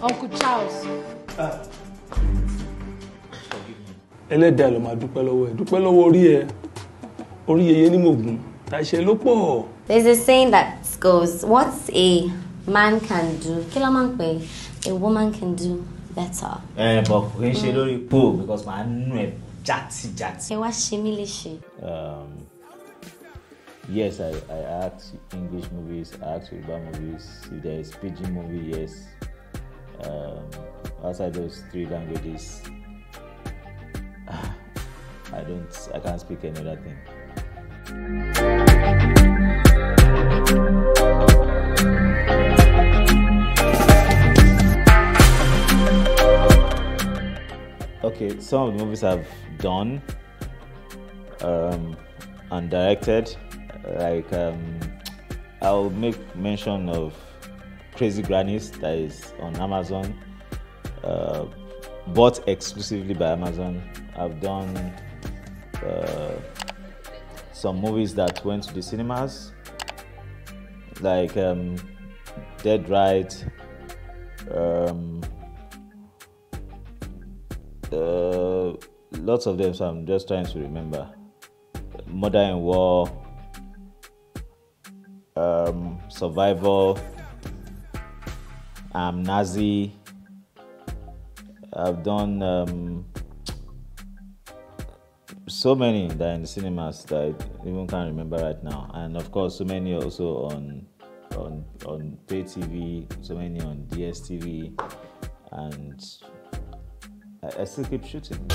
Uncle Charles. Ẹlẹ́dàá ló máa dúpẹ́ lọ́wọ́ ẹ̀. Dúpẹ́ lọ́wọ́ orí ẹ̀. Orí yeye ní mògùn. Tàṣẹ ló pọ̀. There a saying that goes, what a man can do, kí ló máa ń pè é, a woman can do better. ẹ eh, bọ kò ń ṣe mm. lórí pole because màá nù ẹ jàtìjàtì. ẹ wá ṣe mí léṣe. Um, yes, I, I act English movies, I act Yoruba movies. If there is Pidgin movie, yes. Um, outside those three languages, I don't, I can't speak another thing. okay, some of the movies I've done um, and directed, like um, I'll make mention of Crazy Grannies that is on Amazon, uh, bought exclusively by Amazon. I've done uh, some movies that went to the cinemas, like um, Dead Right. Um, uh, lots of them, so I'm just trying to remember. Mother in War, um, Survival, I'm um, Nazi. I've done um, so many that in the cinemas that I even can't remember right now, and of course, so many also on on on pay TV, so many on DSTV, and I, still keep shooting.